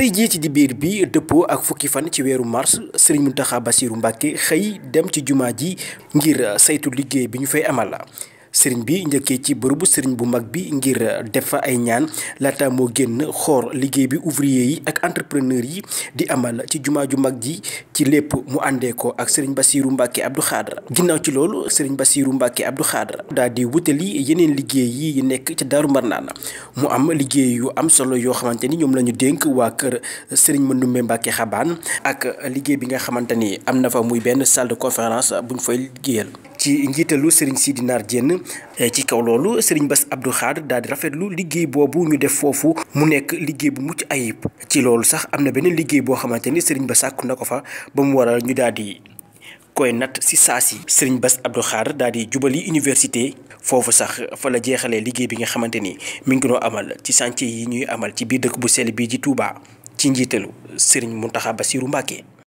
tey jii ci biir bi dëppoo ak fukki fan ci weeru mars Serigne taxa basiiru Mbacké xëy dem ci jumaa ji ngir saytu liggéey bi ñu fay amal sëriñ bi njëkkee ci bërëbu sëriñ bu mag bi ngir def fa ay ñaan laata moo génn xoor liggéey bi ouvrier yi ak entrepreneur yi di amal ci jumaa ju mag ji ci lépp mu àndee ko ak sëriñ Bassirou Mbacké Abdou Khadre ginnaaw ci loolu sëriñ Bassirou Mbacké Abdou Khadre daal di wutali yeneen liggéey yi yu nekk ca Daaru Marnaan mu am liggéey yu am solo yoo xamante ni ñoom la ñu dénk waa kër sëriñ Mandoumbe Mbacké Xabaan ak liggéey bi nga xamante ni am na fa muy benn salle de conférence buñ fay liggéeyal ci njiitalu Serigne Sidi Nar Diène eh, ci kaw loolu sëriñ Bass Abdou xaar daal di rafetlu liggéey boobu ñu def foofu mu nekk liggéey bu mucc ayib ci loolu sax am na beneen liggéey boo xamante ni Serigne Ba sàkku na ko fa ba mu waral ñu daal di koy nat si saa si Serigne Bass Abdou Khadre daal di jubali université foofu sax fa la jeexalee liggéey bi nga xamante ni mu ngi doon amal ci chantier yi ñuy amal ci biir dëkk bu sell bii ji Touba ci njiitalu Serigne Mountakha Bassirou Mbacké